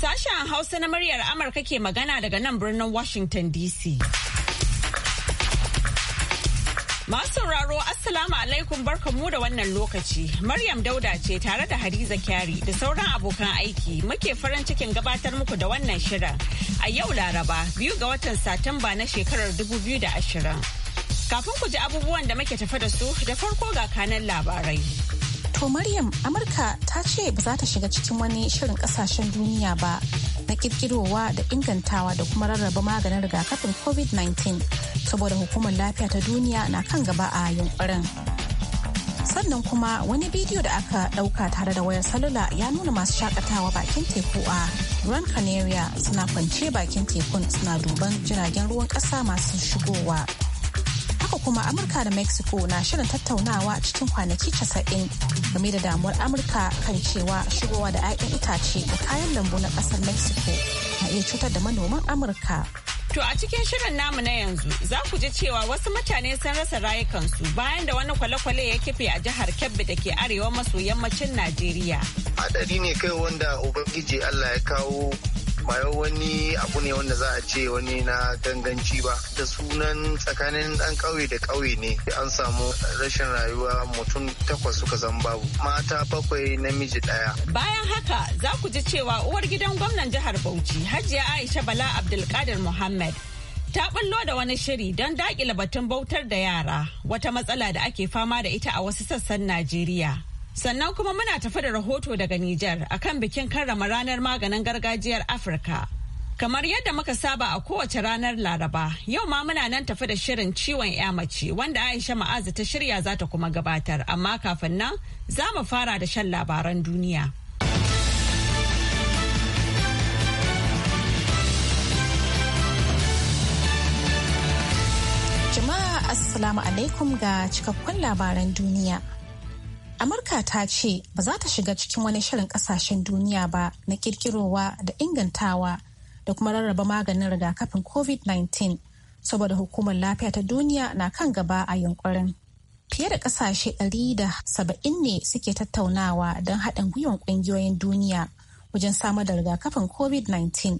Sashen Hausa na muryar Amurka ke magana daga nan birnin Washington DC. Masu raro, Assalamu alaikum barkanmu da wannan lokaci. Maryam Dauda ce tare da Hadiza Kyari da sauran abokan aiki muke farin cikin gabatar muku da wannan shirin. A yau Laraba biyu ga watan Satumba na shekarar 2020. Kafin ku ji abubuwan da muke tafe da su da farko ga kanan labarai. To Maryam Amurka ta ce ba za ta shiga cikin wani shirin kasashen duniya ba na kirkirowa da ingantawa da kuma rarraba maganin rigakafin COVID-19 saboda hukumar lafiya ta duniya na kan gaba a yunkurin. sannan kuma wani bidiyo da aka dauka tare da wayar salula ya nuna masu shakatawa bakin teku a Gran Canaria suna kwance bakin tekun suna duban jiragen ruwan kasa masu shigowa. kuma amurka da mexico na shirin tattaunawa cikin kwanaki 90 game da damuwar amurka kan cewa shigowa da 'ya'yan itace da kayan lambu na kasar mexico na iya cutar da manoman amurka To a cikin shirin namu na yanzu za ku ji cewa wasu mutane sun rasa rayukansu bayan da wani kwale-kwale ya kife a jihar Kebbi da ke arewa maso yammacin Najeriya. Hadari ne kai wanda Ubangiji Allah ya kawo ba yau wani abu ne wanda za a ce wani na ganganci ba da sunan tsakanin dan ƙauye da ƙauye ne an samu rashin rayuwa mutum takwas suka zan babu mata bakwai namiji ɗaya. Bayan haka za ku ji cewa uwar gidan gwamnan jihar Bauchi Hajiya Aisha Bala Abdulkadir Muhammad ta bullo da wani shiri don dakile batun bautar da yara wata matsala da ake fama da ita a wasu sassan Najeriya. Sannan kuma muna tafi da rahoto daga Nijar akan bikin karrama ranar maganin gargajiyar Afirka. Kamar yadda muka saba a kowace ranar Laraba, yau ma muna nan tafi da shirin ciwon ya mace wanda Aisha Ma'azu ta shirya za ta kuma gabatar, amma kafin nan za mu fara da shan labaran duniya. Jama'a Assalamu alaikum ga cikakkun labaran duniya. amurka ta ce ba za ta shiga cikin wani shirin kasashen duniya ba na kirkirowa da ingantawa da kuma rarraba maganin rigakafin covid-19 saboda hukumar lafiya ta duniya na kan gaba a yunkurin fiye da kasashe 170 ne suke tattaunawa don haɗin gwiwan ƙungiyoyin duniya wajen samar da rigakafin covid-19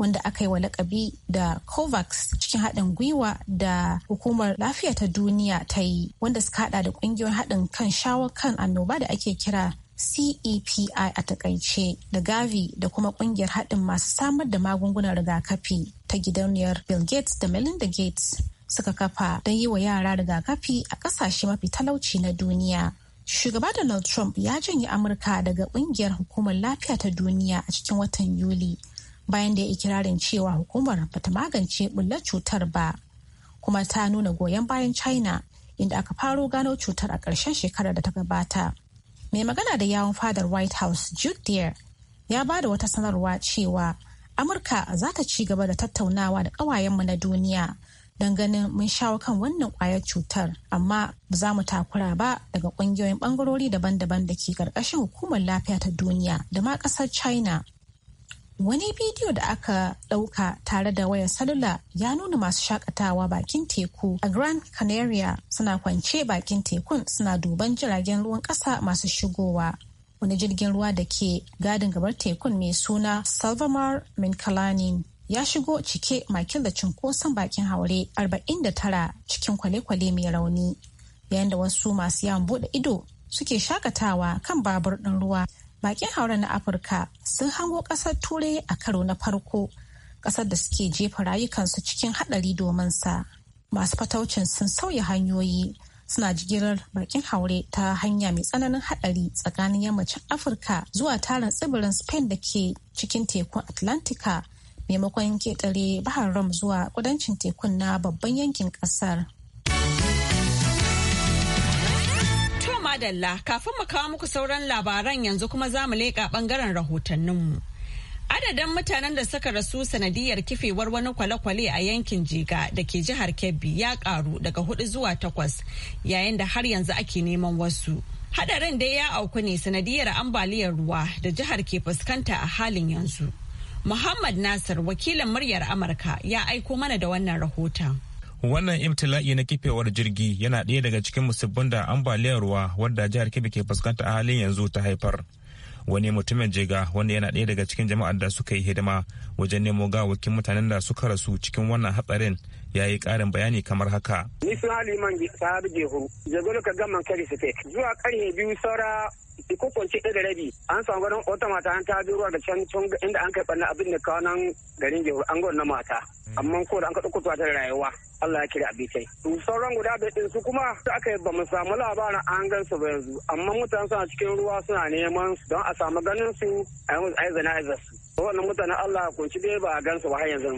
wanda aka yi wa lakabi da covax cikin haɗin gwiwa da hukumar lafiya ta duniya ta yi wanda suka haɗa da ƙungiyoyin haɗin kan shawo kan annoba da ake kira CEPI a takaice da Gavi da kuma ƙungiyar haɗin masu samar da magungunan rigakafi ta gidauniyar Bill Gates da Melinda Gates suka kafa don yi wa yara rigakafi a ƙasashe mafi talauci na duniya. Shugaba Donald Trump ya janye Amurka daga ƙungiyar hukumar lafiya ta duniya a cikin watan Yuli bayan da ya ikirarin cewa hukumar bata magance bulla cutar ba kuma ta nuna goyon bayan china inda aka faro gano cutar a ƙarshen shekarar da ta gabata mai magana da yawon fadar white house jude deer ya ba da wata sanarwa cewa amurka za ta ci gaba da tattaunawa da ƙawayenmu na duniya don ganin mun shawo kan wannan kwayar cutar amma ba za mu takura ba daga ƙungiyoyin bangarori daban-daban da ke ƙarƙashin hukumar lafiya ta duniya da ma kasar china Wani bidiyo da aka ɗauka tare da wayar salula ya nuna masu shakatawa bakin teku a Grand Canaria suna kwance bakin tekun suna duban jiragen ruwan ƙasa masu shigowa. Wani jirgin ruwa da ke gadin gabar tekun mai suna Salvamar Minkalanin ya shigo cike makil da cunkoson bakin haure 49 cikin kwale-kwale mai rauni. Yayin da wasu masu yawon buɗe ido suke shakatawa kan babur ɗin ruwa bakin haure na afirka sun hango kasar turai a karo na farko kasar da suke jefa rayukansu cikin hadari domin sa masu fataucin sun sauya hanyoyi suna jigilar bakin haure ta hanya mai tsananin hadari tsakanin yammacin afirka zuwa tarin tsibirin spain da ke cikin tekun atlantika maimakon ketare bahar ram zuwa kudancin tekun na babban yankin kasar madalla kafin mu kawo muku sauran labaran yanzu kuma za mu leƙa ɓangaren rahotanninmu. Adadin mutanen da suka rasu sanadiyar kifewar wani kwale-kwale a yankin Jiga da ke jihar Kebbi ya ƙaru daga hudu zuwa takwas yayin da har yanzu ake neman wasu. Hadarin dai ya auku ne sanadiyar ambaliyar ruwa da jihar ke fuskanta a halin yanzu. Muhammad Nasir wakilin muryar Amurka ya aiko mana da wannan rahoton. wannan ibtila'i na kifewar jirgi yana ɗaya daga cikin musabbin da ambaliyar ruwa wadda jihar kebbi ke fuskanta a halin yanzu ta haifar wani mutumin jega wanda yana ɗaya daga cikin jama'ar da suka yi hidima wajen nemo gawakin mutanen da suka rasu cikin wannan hatsarin ya yi ƙarin bayani kamar haka. Ni sun hali man sahabi jehu, jagoro ka gama kari suke, zuwa ƙarfe biyu saura ko kwance da rabi an samu garin wata mata an ta ruwa da can tun inda an kai ɓanna abin da kawo nan garin jihar an gwanna na mata mm. amma ko da an ka ɗauko ta rayuwa Allah ya kira abitai. sauran guda da ɗin su kuma da aka yi ba mu samu labarin an gan su ba yanzu amma mutane suna cikin ruwa suna neman don a samu ganin su a yi zana su. wannan mutanen Allah kunci dai ba a gansu ba har yanzu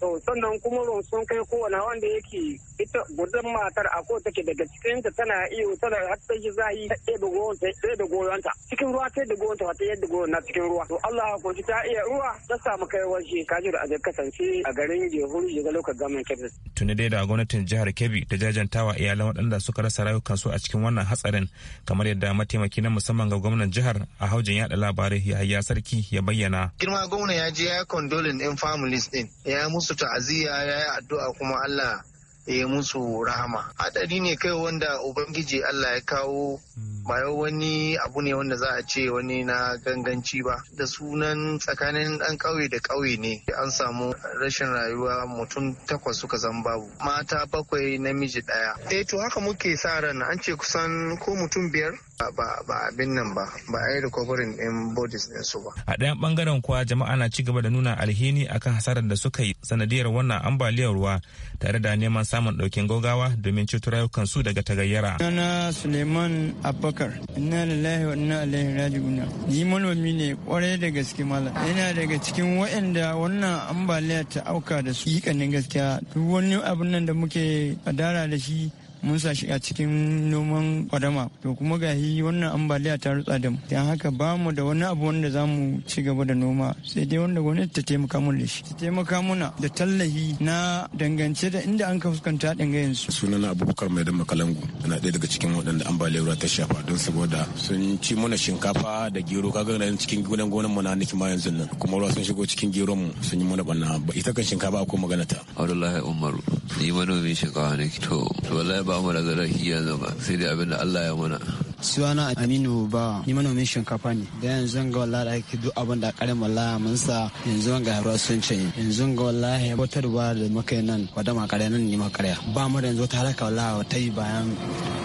to sannan kuma ruwan sun kai kowane wanda yake ita gudun matar a ko take daga cikin ta tana iyo tana har ta yi zai ta da goyon ta da goyon ta cikin ruwa ta da goyon ta ta yadda goyon na cikin ruwa to Allah kunci ta iya ruwa ta samu kai waje kaji a zai kasance a garin Jehuri ya ga lokacin gaman Kebbi tuni dai da gwamnatin jihar Kebbi ta jajantawa iyalan waɗanda suka rasa rayukansu a cikin wannan hatsarin kamar yadda mataimaki na musamman ga gwamnan jihar a haujin yada labarai ya sarki ya bayyana girma gwamna ya je ya condolin din families din ya musu ta'aziyya ya yi addu'a kuma Allah ya musu rahama hadari ne kai wanda ubangiji Allah ya kawo hmm. ba wani abu ne wanda za a ce wani na ganganci ba da sunan tsakanin dan kauye da kauye ne an samu rashin rayuwa mutum takwas suka zan babu mata bakwai namiji ɗaya eh to haka muke sa ran an ce kusan ko mutum biyar ba abin nan ba ba a yi recovering ɗin bodies din su ba a ɗayan ɓangaren kuwa jama'a na ci gaba da nuna alhini akan hasarar da suka yi sanadiyar wannan ambaliyar ruwa tare da neman samun ɗaukin gaugawa domin ceto rayukan su daga tagayyara na suleiman abubakar inna lillahi wa alayhi raji raji'un ni manomi ne kwarai da gaske mala. yana daga cikin waɗanda wannan ambaliyar ta auka da su yi gaskiya duk wani abin nan da muke adara da shi mun sa shi a cikin noman kwadama to kuma ga yi wannan ambaliya ta rutsa da mu don haka ba mu da wani abu wanda za mu ci gaba da noma sai dai wanda gwamnati ta taimaka mun da shi ta taimaka muna da tallahi na dangance da inda an ka fuskanta dinga yanzu sunana abubakar mai dama kalangu yana ɗaya daga cikin waɗanda ambaliyar ruwa ta shafa don saboda sun ci mana shinkafa da gero kaga nan cikin gidan gonan mu na niki ma yanzu nan kuma ruwa sun shigo cikin geron mu sun yi mana banna ita kan shinkafa ko magana ta Abdullahi Umaru ni manomin shinkafa ne to wallahi ba mu da zarafi yanzu ba sai dai abin da Allah ya muna Suwana Aminu ba ni manomin shinkafa ne da yanzu ga wallahi da ake duk abin da karin wallahi mun sa yanzu ga haruwa sun ce yanzu ga wallahi botarwa da muka yi nan wadda ma kare nan ni ma kare ba mu da yanzu ta halaka wallahi ta yi bayan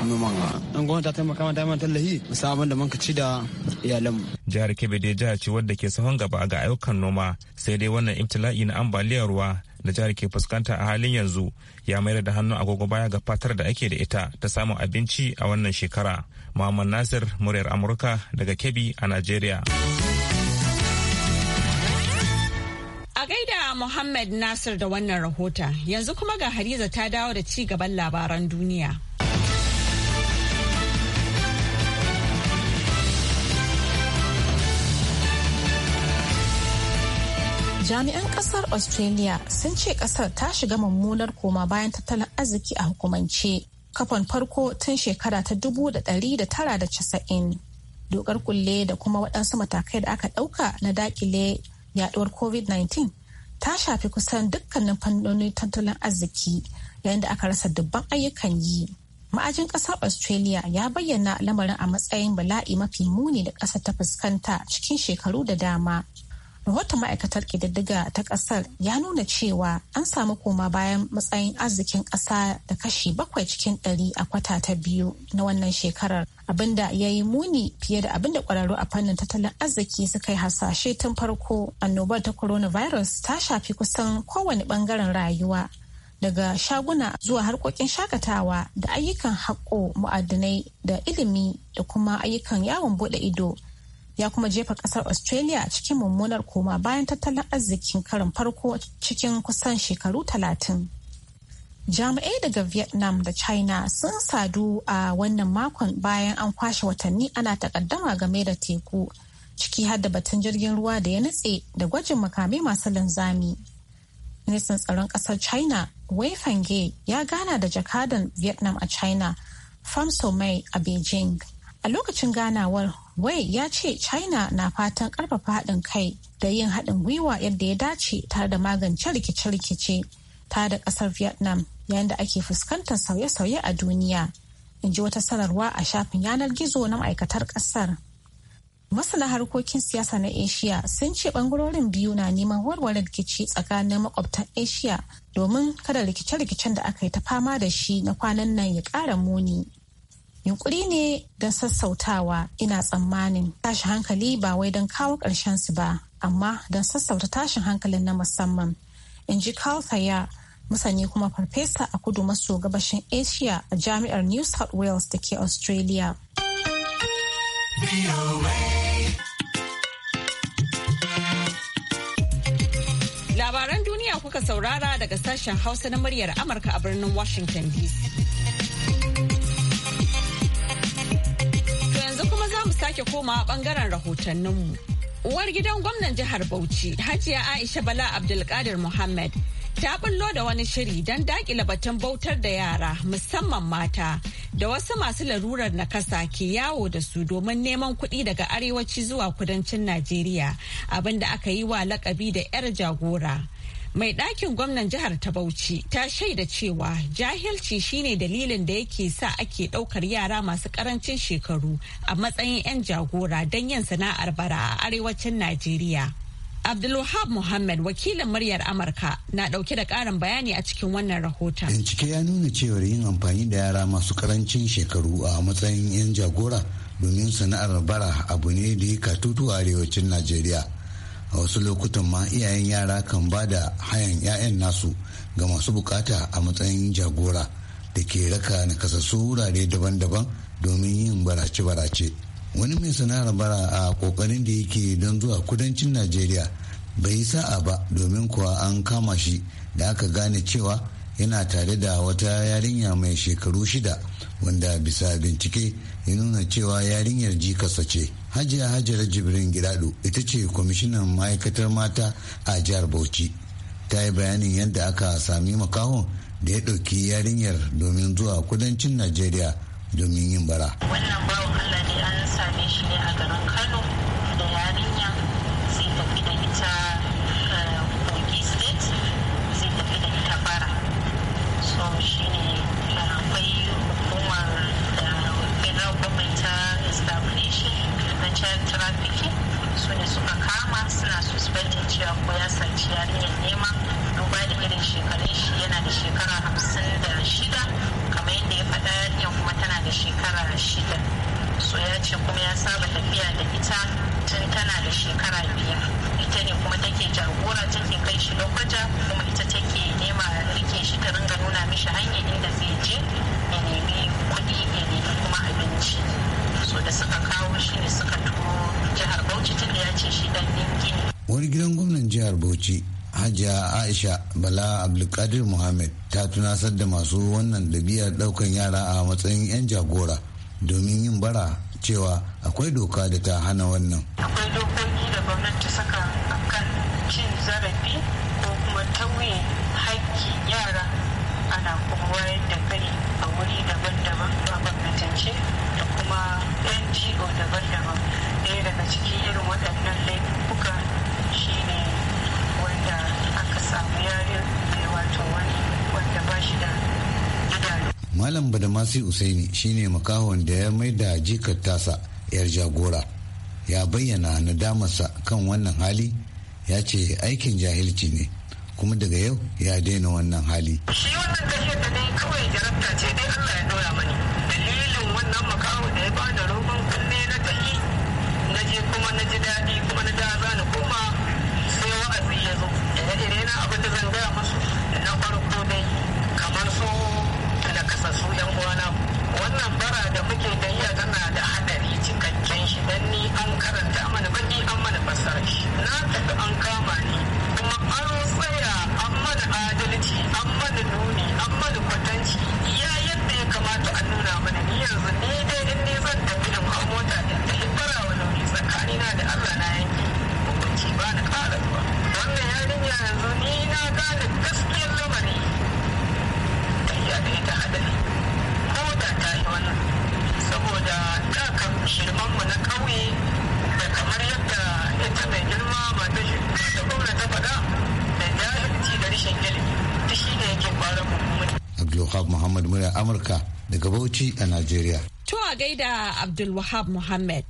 noman ga an gwamnati ta taimaka mana mana tallahi mu sa abin da mun ka ci da iyalan jihar Kebbi jihar jiha ce wadda ke sahon gaba ga ayyukan noma sai dai wannan ibtila'i na ambaliyar ruwa da jihar ke fuskanta a halin yanzu ya mayar da hannu agogo baya ga fatar da ake da ita ta samun abinci a wannan shekara. Muhammad Nasir muryar Amurka daga Kebbi a Najeriya. A gaida Muhammad Nasir da wannan rahota yanzu kuma ga Hadiza ta dawo da ci gaban labaran duniya. jami'an kasar australia sun ce kasar ta shiga mummunar koma bayan tattalin arziki a hukumance kafan farko tun shekara ta 1990 dokar kulle da kuma waɗansu matakai da aka ɗauka na dakile yaduwar covid-19 ta shafi kusan dukkanin fannonin tattalin arziki yayin da aka rasa dubban ayyukan yi ma'ajin ƙasar australia ya bayyana lamarin a matsayin bala'i mafi muni da ƙasa ta fuskanta cikin shekaru da dama rahoton ma'aikatar ƙididdiga ta ƙasar ya nuna cewa an samu koma bayan matsayin arzikin ƙasa da kashi bakwai cikin ɗari a kwata ta biyu na wannan shekarar abinda ya yi muni fiye da abinda kwararru a fannin tattalin arziki suka yi hasashe tun farko annobar ta coronavirus ta shafi kusan kowane bangaren rayuwa daga shaguna zuwa harkokin shakatawa da ayyukan haƙo mu'adinai da ilimi da kuma ayyukan yawon buɗe ido ya kuma jefa kasar australia a cikin mummunar koma bayan tattalin arzikin karin farko cikin kusan shekaru talatin jami'ai daga vietnam da china sun sadu a wannan makon bayan an kwashe watanni ana takaddama game da teku ciki har da batun jirgin ruwa da ya nutse da gwajin makamai masu linzami ministan tsaron kasar china wei fange ya gana da jakadan vietnam a china Pham Mai a beijing A lokacin ganawar, Wei ya ce China na fatan karfafa haɗin kai da yin haɗin gwiwa yadda ya dace tare da magance rikice-rikice ta da ƙasar Vietnam yayin da ake fuskantar sauye-sauye a duniya. In ji wata sanarwa a shafin yanar gizo na ma'aikatar ƙasar. Masana harkokin siyasa na Asia sun ce ɓangarorin biyu na neman warware rikici tsakanin makwabtan Asia domin kada rikice-rikicen da aka yi ta fama da shi na kwanan nan ya ƙara muni. yunkuri ne don sassautawa ina tsammanin Tashin hankali ba wai don kawo ƙarshen su ba amma don sassauta tashin hankalin na musamman in ji Thaya masani kuma farfesa a kudu maso gabashin asia a jami'ar new south wales da ke australia labaran duniya kuka saurara daga sashen hausa na muryar amurka a birnin washington dc sake koma bangaren rahotanninmu. Uwar gidan gwamnan jihar Bauchi, Hajiya Aisha Bala Abdulkadir Muhammad, ta bullo da wani shiri don dakila batun bautar da yara musamman mata da wasu masu larurar nakasa ke yawo da su domin neman kuɗi daga arewaci zuwa kudancin Najeriya abinda aka yi wa lakabi da 'yar jagora. mai ɗakin gwamnan jihar ta bauchi ta shaida cewa jahilci shine dalilin da yake sa ake ɗaukar yara masu ƙarancin shekaru a matsayin 'yan jagora don yin sana'ar bara a arewacin najeriya abdulwahab muhammad wakilin muryar amurka na ɗauke da ƙarin bayani a cikin wannan rahoton bincike ya nuna cewa yin amfani da yara masu ƙarancin shekaru a matsayin 'yan jagora domin sana'ar bara abu ne da ya katutu a arewacin najeriya a wasu lokutan ma iyayen yara kan ba da hayan 'ya'yan nasu ga masu bukata a matsayin jagora da ke raka nakasassu wurare daban-daban domin yin barace-barace wani mai sana'ar bara a kokarin da yake don zuwa kudancin najeriya bai yi sa'a ba domin kuwa an kama shi da aka gane cewa yana tare da wata yarinya mai shekaru shida wanda bisa bincike ya nuna cewa yarinyar jikasa ce hajiya hajara jibrin gidado ita ce kwamishinan ma'aikatar mata a jihar bauchi ta yi bayanin yadda aka sami makahon da ya ɗauki yarinyar domin zuwa kudancin najeriya domin yin bara wannan bawa allah ne an same shi ne a garin kano da yarinya sai ta ita cewa ko ya saci yarinyar nema duba da irin shekarun shi yana da shekara hamsin da shida kamar yadda ya faɗa yarinyar kuma tana da shekara shida so ya ce kuma ya saba tafiya da ita tun tana da shekara biyar ita ne kuma take jagora take kai shi lokaja kuma ita take nema rike shi ta ringa nuna mishi hanya inda zai je ya nemi kuɗi ya nemi kuma abinci so da suka kawo shi ne suka turo jihar bauchi tunda ya ce shi dan gini. wani gidan gwamnan jihar bauchi hajiya aisha bala abdulkadir muhammad ta tunasar da masu wannan ɗabi'ar ɗaukan yara a matsayin 'yan jagora domin yin bara cewa akwai doka da ta hana wannan akwai dokoki da gwamnati saka kan cin zarafi ko kuma tauye haƙƙi yara ana kuma wayar da kai a wuri daban-daban ba gwamnatance da kuma ngo daban-daban ɗaya daga cikin irin waɗannan laifin malam badamasi usaini shine makahon da ya maida jikar tasa yar jagora ya bayyana nadamarsa kan wannan hali ya ce aikin jahilci ne kuma daga yau ya daina wannan hali shi wannan kashe da dai kawai jarabta ce dai allah ya dora mani dalilin wannan makahon da ya ba da rogon kunne na daga Bauchi a Najeriya. To a gaida Abdulwahab Muhammad.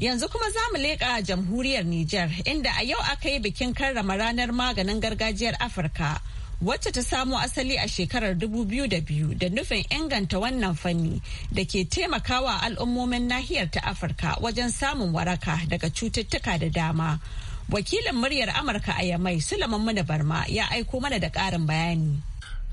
Yanzu kuma za mu leƙa jamhuriyar Nijar inda a yau aka yi bikin karrama ranar maganin gargajiyar Afirka wacce ta samo asali a shekarar 2002 da nufin inganta wannan fanni da ke taimakawa al'ummomin nahiyar ta Afirka wajen samun waraka daga cututtuka da dama. Wakilin muryar Amurka a Yamai Sulaiman Muna Barma ya aiko mana da ƙarin bayani.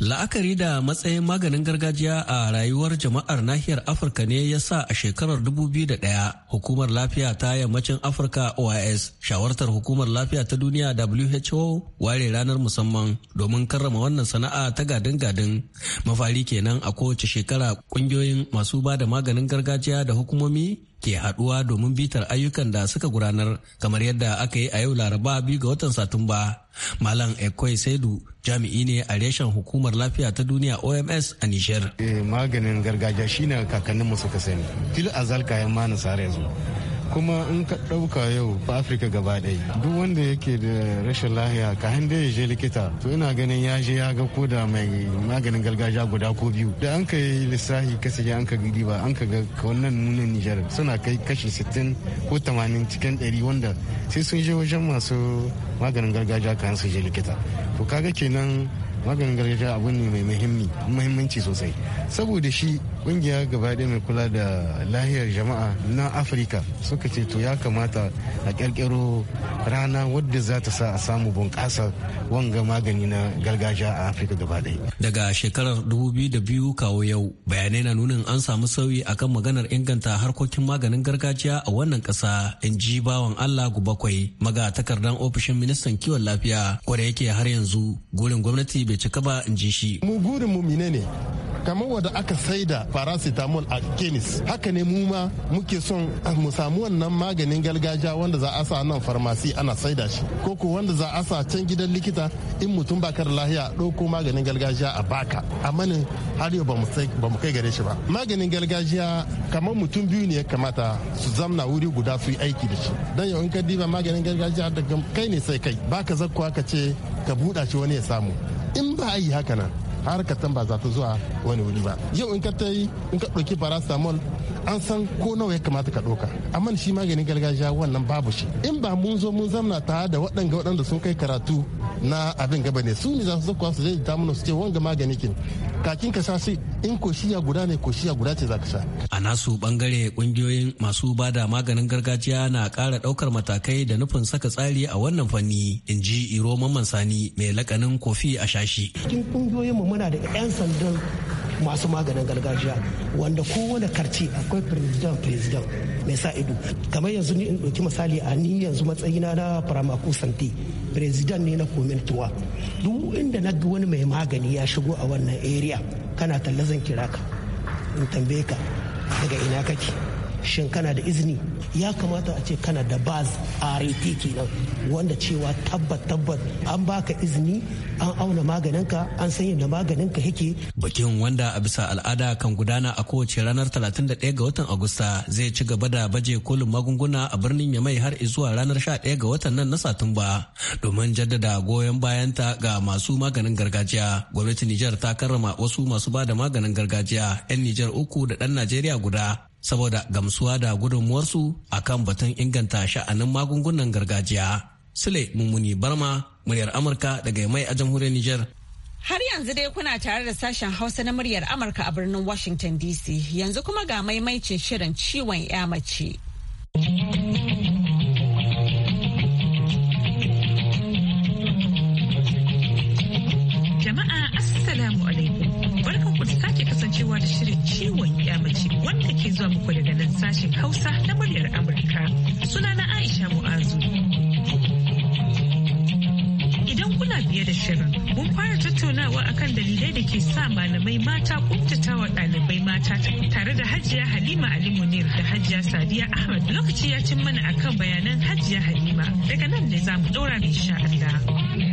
La'akari da matsayin maganin gargajiya a rayuwar jama'ar nahiyar Afirka ne ya sa a shekarar 2001 hukumar lafiya ta yammacin Afirka OIS shawartar hukumar lafiya ta duniya WHO ware ranar musamman domin karrama wannan sana'a ta gadin-gadin. Mafari kenan a kowace shekara kungiyoyin masu ba da maganin gargajiya da hukumomi ke haɗuwa domin bitar ayyukan da suka gudanar kamar yadda aka yi a yau laraba biyu ga watan Satumba Malam Ekoi Saidu jami'i ne a reshen hukumar lafiya ta duniya OMS a Nijar. Eh, maganin gargajiya shine kakanninmu suka sani. Til azal kayan ma nasara yanzu. kuma in ka ɗauka yau ba afirka gaba ɗaya duk wanda yake da rashin lahiya ka hande ya je likita to ina ganin ya je ya ga koda mai maganin gargajiya guda ko biyu da an ka yi lissahi ka ya an ka gidi ba an ka ga wannan nunan nijar suna kai kashi 60 ko 80 cikin 100 wanda sai sun je wajen masu maganin gargajiya kayan su je likita to kaga kenan maganin gargajiya abu ne mai muhimmi muhimmanci sosai saboda shi kungiya gaba ɗaya mai kula da lahiyar jama'a na afirka suka ce to ya kamata a ƙirƙiro rana wadda za ta sa a samu bunƙasa wanga magani na gargajiya a afirka gaba ɗaya daga shekarar 2002 kawo yau bayanai na nunin an samu sauyi akan maganar inganta harkokin maganin gargajiya a wannan ƙasa in ji bawan allah gubakwai maga takardar ofishin ministan kiwon lafiya kwada yake har yanzu gurin gwamnati bai cika ba in ji shi mu gurin mu ne kamar wanda aka saida paracetamol a kemis haka ne mu ma muke son ah, mu samu wannan maganin gargajiya wanda za a sa nan farmasi ana saida shi ko ko wanda za a sa can gidan likita in mutum ba da lahiya ɗauko maganin gargajiya a baka amma ne har yau ba mu kai gare shi ba maganin gargajiya kamar mutum biyu ne ya kamata su zamna wuri guda su yi aiki da shi dan yau in ka diba maganin gargajiya daga kai ne sai kai baka zakkuwa ka ce ka buɗa shi wani ya samu in ba a yi haka nan har ka ba za ta zuwa wani wuri ba yau in ka ta yi in ka ɗauki paracetamol an san ko nawa ya kamata ka ɗauka amma shi maganin gargajiya wannan babu shi in ba mun zo mun zamna tare da waɗanda waɗanda sun kai karatu na abin gaba ne su ne za su zakuwa su zai ta mana su ce wanga magani ki kakin ka sha sai in ko shiya guda ne ko shiya guda ce za ka sha. a nasu bangare kungiyoyin masu ba da maganin gargajiya na kara ɗaukar matakai da nufin saka tsari a wannan fanni in ji iro mamman sani mai lakanin kofi a shashi. cikin kungiyoyin muna da 'yan sandan masu maganin gargajiya wanda kowane karci akwai president president mai sa ido kamar yanzu ni in ɗauki misali a ni yanzu matsayina na faramaku santi president ne na komintuwa duk inda na ga wani mai magani ya shigo a wannan area kana tallazan ka in tambaye ka daga ina kake shin kana da izini ya kamata a ce kana da baz a kenan wanda cewa tabbat tabbat an baka izini an auna maganinka an san yadda maganinka yake bikin wanda a bisa al'ada kan gudana a kowace ranar 31 ga watan agusta zai ci gaba da baje kolin magunguna a birnin yamai har zuwa ranar 11 ga watan nan na satumba domin jaddada goyon bayan ta ga masu maganin gargajiya gwamnatin nijar ta karrama wasu masu ba da maganin gargajiya 'yan nijar uku da dan najeriya guda saboda gamsuwa da gudunmuwarsu a kan batun inganta sha'anin magungunan gargajiya. Sule Mummuni Barma, muryar Amurka daga mai a jamhuriyar Nijar. Har yanzu dai kuna tare da sashen Hausa na muryar Amurka a birnin Washington DC. Yanzu kuma ga maimaicin shirin ciwon 'ya mace. zuwa muku daga nan sashen Hausa na muryar Amurka. suna na Aisha Mu'azu. Idan kuna biye da shirin, mun fara tattaunawa akan dalilai da ke sa malamai mata wa ɗalibai mata tare da Hajiya Halima Ali Munir da Hajiya Sadiya Ahmad. Lokaci ya cin mana akan bayanan Hajiya Halima. Daga nan ne za mu ɗora insha Allah.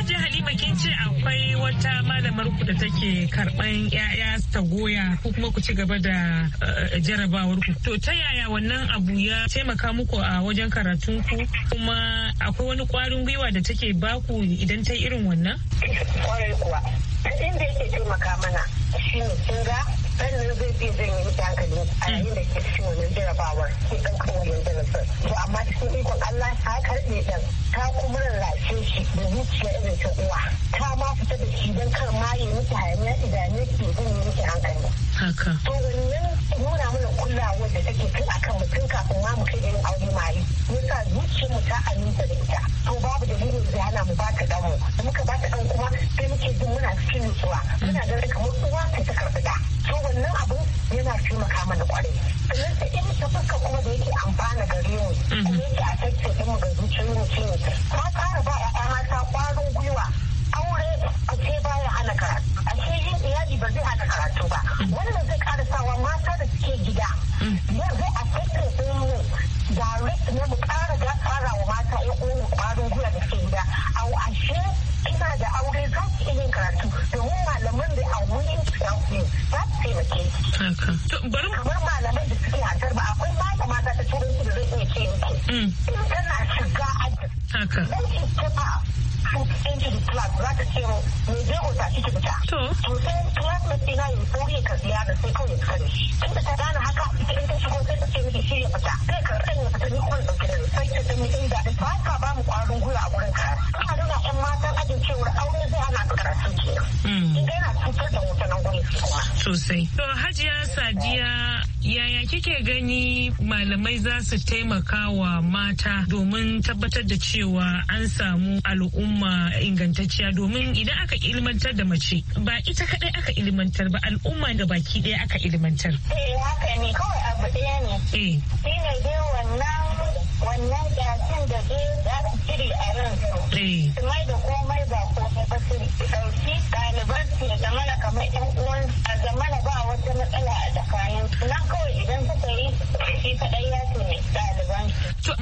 Hajji Halima kin ce akwai wata malamar ku da take karban yaya ta goya ko kuma ku ci gaba da eh, jarabawar ku. To ta yaya wannan abu ya taimaka muku a wajen karatun ku kuma akwai wani kwarin gwiwa da take baku idan ta irin wannan? Kwarai kuwa. Inda yake taimaka mana shi ne kin Sannan zai iya zai yi wuce hankali a yayin da ke cikin wani jarabawar ke ɗaukar wannan jarabawar to amma cikin ikon Allah ta karɓe ɗan ta kuma rarrace shi da zuciya irin ta uwa ta ma fita da shi don kar ma ya wuce hayaniya idanun ke jin ya wuce hankali. Haka. To wannan nuna mana kulawa da take a akan mutum kafin ma mu kai irin aure maye. Yasa zuciyar mu ta aminta da ita. To babu dalilin da hana mu bata ta mu. Da muka ba ta ɗan kuma sai muke jin muna cikin nutsuwa. Muna ganin kamar uwa ta ta karɓi ɗa. to wannan abu yana taimaka mana kwarai sannan ta in ta fuska kuma da yake amfana Hajiya yaya kike gani malamai za su taimaka wa mata domin tabbatar da cewa an samu al'umma ingantacciya domin idan aka ilmantar da mace ba ita kadai aka ilmantar ba al'umma da baki daya aka ilmantar. Eh haka ne kawai abu ɗaya ne. Eh. Shi ne dai wannan wannan gasin da zai za su cire a ransu. Eh. Su mai da komai ba komai ba su ɗauki ɗaliban su ya zama kamar yan uwan a zamana ba wata matsala a tsakanin na kawai idan suka yi shi kaɗai ya tuni ɗaliban.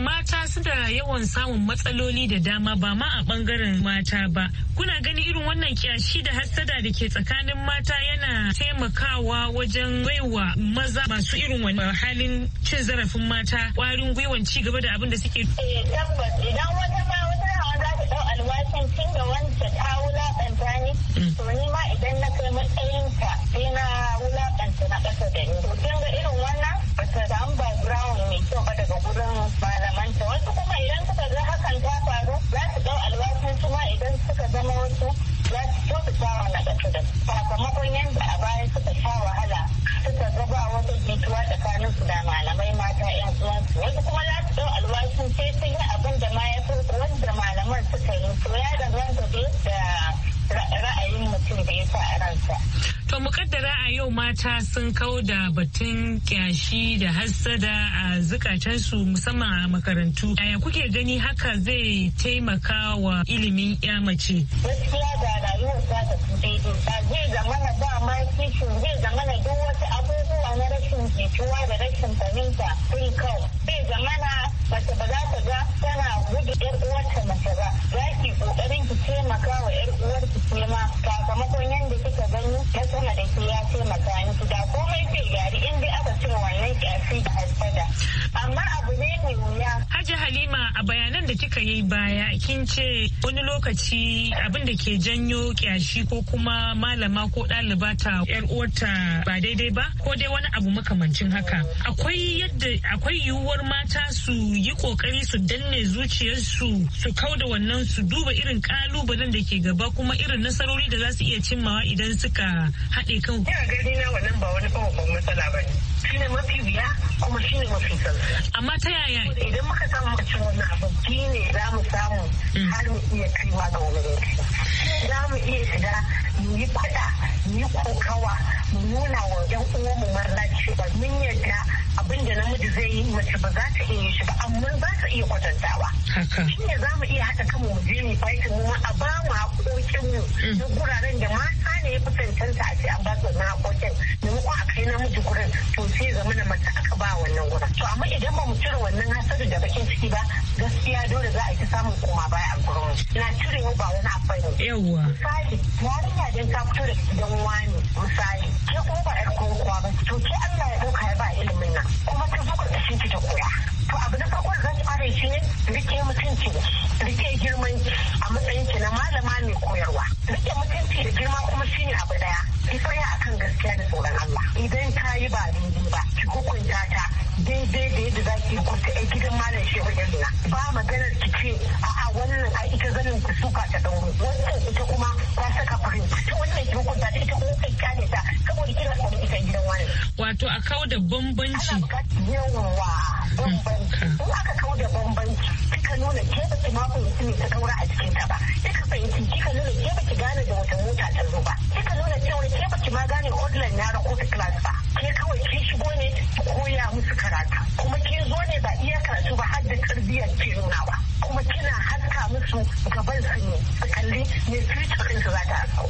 mata suna yawan samun matsaloli da dama ba ma a bangaren mata ba kuna gani irin wannan kyashi da hassada da ke tsakanin mata yana taimakawa wajen baiwa maza masu irin wani halin cin zarafin mata kwarin gwiwan ci gaba da abin da suke. Eh, tabbas idan wata ma wata za ta dau alwashin cin da wanda ta wulaƙanta ni mm. to ni idan na kai matsayin sai na wulakanta na ƙasa da ni. To kin ga irin wannan ba ta samu background mai kyau ba daga gurin malamanta. Wasu kuma idan suka ga hakan ta faru za su ɗau alwashin su ma idan suka zama wasu za su kyautata wa na ƙasa da sakamakon yadda a baya suka sha wahala suka gaba ba wata jituwa tsakaninsu da malamai mata 'yan uwansu. Wasu kuma To mukaddara a yau mata sun kau da batun kyashi da hassada a zukatansu musamman a makarantu. Yaya kuke gani haka zai taimaka wa ilimin ya mace? Gaskiya da rayuwar za ta daidai ba zai zamana ba ma kishin zai zamana duk wasu abubuwa na rashin jituwa da rashin fahimta sun kau. Zai zamana mace ba za ta ga tana gudu 'yar uwarta mace ba. da kika yi baya kin ce wani lokaci abin da ke janyo kyashi ko kuma malama ko ɗaliba ta yar uwarta ba daidai ba ko dai wani abu makamancin haka akwai yadda akwai yiwuwar mata su yi kokari su danne zuciyarsu su kauda wannan su duba irin kalubalen da ke gaba kuma irin nasarori da za su iya cimmawa idan suka haɗe kan. Ina gani na wannan ba wani matsala ba ne. shine mafi wuya kuma shine mafi sauki amma ta yaya idan muka samu mutum wani abu ne za mu samu mm. har mu iya kaiwa ga wani za mu iya shiga mu yi faɗa mu yi kokawa mu nuna wa yan uwanmu marna cewa mun yarda abin da namiji zai yi mace ba za ta iya shi ba amma za ta iya kwatantawa shi ne za mu iya haɗa kan mu je mu fahimta mu a ba mu haƙoƙin mu na mm. guraren da mata ne ya fi cancanta a ce an ba su na haƙoƙin maimakon a kai namiji gurin to sai zama na mata aka ba wannan gurin to amma idan ba mu cire wannan hasari da bakin ciki ba gaskiya dole za a yi ta samun koma baya a gurin na cire ba wani abu ne misali yarinya dan ta fito da gidan wani misali ke kuma ba ƴar kokowa ba to ke Allah ya ɗauka ya ba ilimin nan kuma ta buga da shi ta koya kare shi ne rike mutunci rike girman a matsayin ki na malama mai koyarwa rike mutunci da girma kuma shi ne abu daya ki tsaya akan gaskiya da tsoron Allah idan ka yi ba daidai ba ki hukunta ta daidai da yadda za ki yi kusa a gidan malam shehu na. ba maganar ki ce a'a wannan a ita zanin ku suka ta dauro wannan ita kuma ta saka farin ta wannan ki hukunta ta ita kuma kai kyale ta saboda kina da ita gidan wani. wato a kau da bambanci yawa bambanci in aka kau da bambanci kika nuna ke ba ki mako ne ta daura a cikin ta ba kika fahimci kika nuna ke ba ki gane da wata mota ta zo ba kika nuna cewa ke ba ki ma gane odlan na ta class ba ke kawai kin shigo ne ki koya musu karata kuma kin zo ne ba iya karatu ba har da tarbiyyar ke nuna ba kuma kina haska musu gaban su ne su kalli ne future din su za ta hasko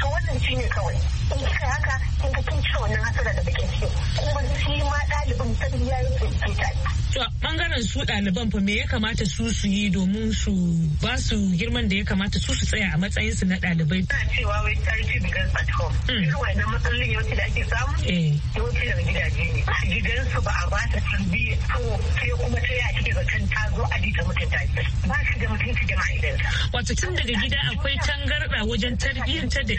to wannan shi ne kawai in kika haka kin ka kin ci wannan hasara da kake ciki kuma shi ma ɗalibin sanin yayi tsinci ta To bangaren su ɗaliban fa me ya kamata su su yi domin su ba su girman da ya kamata su su tsaya a matsayin su na ɗalibai. Ina cewa wai charity begins at home. Hmm. Irin na matsalolin yawanci da ake samu? Eh. Yawanci daga gidaje ne. Gidansu ba a ba ta tarbiyya ko sai kuma ta yaya a cikin zaton ta zo a ta mutunta shi ba shi da mutunci da ma'aikinsa. Wato tun daga gida akwai tangarɗa wajen tarbiyyantar da.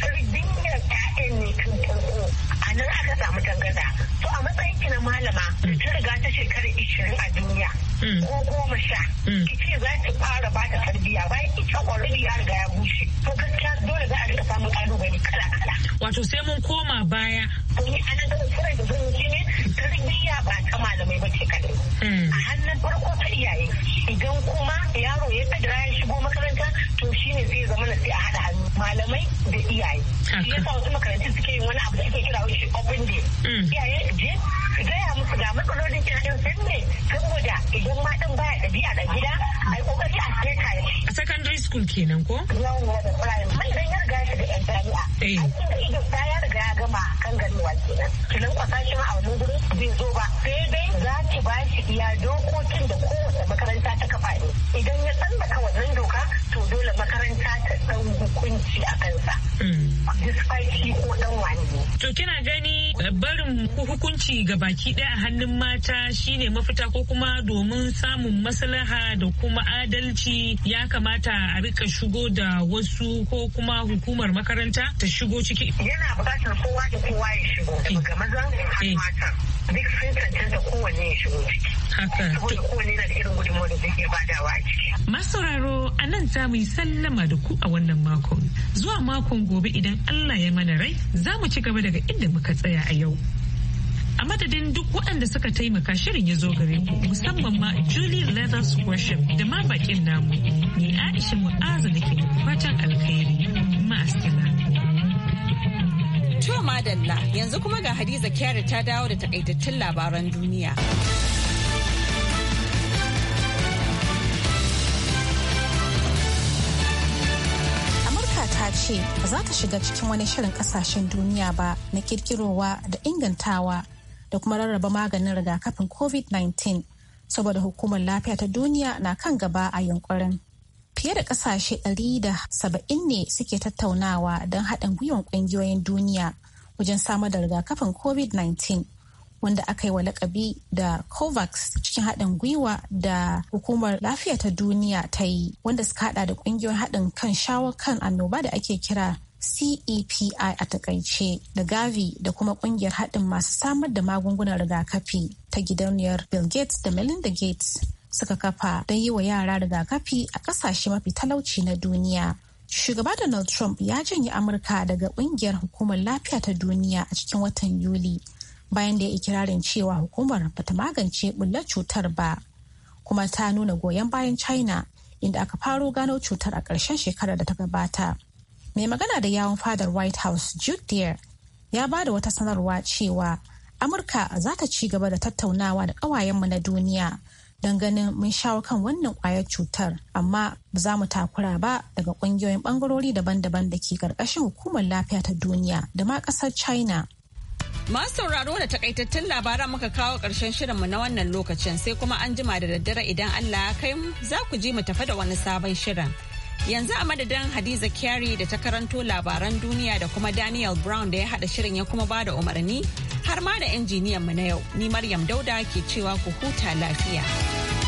Tarbiyyar ƴaƴan ne tun farko a nan aka samu tangarɗa. To a matsayin ki na malama da mm. ta riga ta shekara ishirin a duniya. Mm. Ko goma sha. Mm. Ki ce za ki fara ba ta tarbiyya bayan ita ƙwararri ya riga ya bushe. To gaskiya dole za a riƙa samun ƙalubale kala-kala. Wato sai mun koma baya domin a nan gaba tsirai da zumunci ne tarbiyya ba ta malamai ba ce kadai hmm. a hannun farko ta iyaye idan kuma yaro ya kadira ya shigo makaranta to shi ne zai zama na sai a haɗa hannu malamai da iyaye shi wasu makarantu suke yin wani abu da ake kira wani open day hmm. iyaye je su gaya musu ga matsalolin ƴaƴan sun ne saboda idan ma baya ɗabi'a da gida a yi ƙoƙari a seka shi. A secondary school kenan ko? Yawwa da primary. Mai ya riga shi da ƴan jami'a. Eh. Aikin da ido ta ya riga ya gama kan ganuwa kenan. Ki kwasa shi ma a wani gurin bai zo ba. Sai dai za ki ba shi iya dokokin da kowace makaranta ta kafa ne. Idan ya tsallaka wajen doka to dole makaranta ta ɗan hukunci a kansa. Hmm. Despite shi ko ɗan wani. To kina gani barin hukunci ga baki ɗaya a hannun mata shine mafita ko kuma domin samun maslaha da kuma adalci ya kamata a rika shigo da wasu ko kuma hukumar makaranta ta shigo ciki. Yana bukatar kowa da kowa ya shigo daga eh. mazan har eh. matan. duk sun cancanta kowanne ya shigo ciki. Saboda kowanne na da irin gudunmawar da badawa ciki. Masauraro a nan za mu yi sallama da ku a wannan makon. Zuwa makon gobe idan Allah ya mana rai za mu ci gaba daga inda muka tsaya a yau. a madadin duk waɗanda suka taimaka shirin ya zo gare ku musamman ma Julie Leathers Worship da ma baƙin namu ne Aisha Mu'azu da ke fatan alkhairi To madalla yanzu kuma ga Hadiza Kyari ta dawo da takaitattun labaran duniya. Amurka ta ce ba za ta shiga cikin wani shirin kasashen duniya ba na kirkirowa da ingantawa da kuma rarraba maganin rigakafin COVID-19 saboda hukumar lafiya ta duniya na kan gaba a yunkurin. Fiye da ƙasashe 170 ne suke tattaunawa don haɗin gwiwar ƙungiyoyin duniya wajen samar da rigakafin COVID-19 wanda aka yi wa lakabi da COVAX cikin haɗin gwiwa da Hukumar Lafiya ta Duniya ta yi wanda suka haɗa da ƙungiyoyin haɗin kan shawo kan annoba da ake kira CEPI a takaice da Gavi da kuma ƙungiyar haɗin masu samar da magungunan rigakafi ta gidauniyar Bill Gates da Melinda Gates. suka kafa don yi wa yara rigakafi a kasashe mafi talauci na duniya. Shugaba Donald Trump ya janye Amurka daga ƙungiyar hukumar lafiya ta duniya a cikin watan Yuli bayan da ya ikirarin cewa hukumar bata magance bullar cutar ba kuma ta nuna goyon bayan China inda aka faro gano cutar a ƙarshen shekarar da ta gabata. Mai magana da yawon fadar White House Jude Deer ya ba da wata sanarwa cewa Amurka za ta ci gaba da tattaunawa da ƙawayenmu na duniya don ganin mun shawo kan wannan kwayar cutar amma ba za mu takura ba daga kungiyoyin bangarori daban-daban da ke karkashin hukumar lafiya ta duniya da ma kasar china Masu sauraro da takaitattun labaran muka kawo ƙarshen shirinmu na wannan lokacin sai kuma an jima da daddare idan Allah ya kai mu za ku ji mu tafa da wani sabon shirin. Yanzu a madadin Hadiza Kyari da ta karanto labaran duniya da kuma Daniel Brown da ya haɗa shirin ya kuma bada umarni har ma da injiniyan mu na yau. Ni Maryam Dauda ke cewa ku huta lafiya.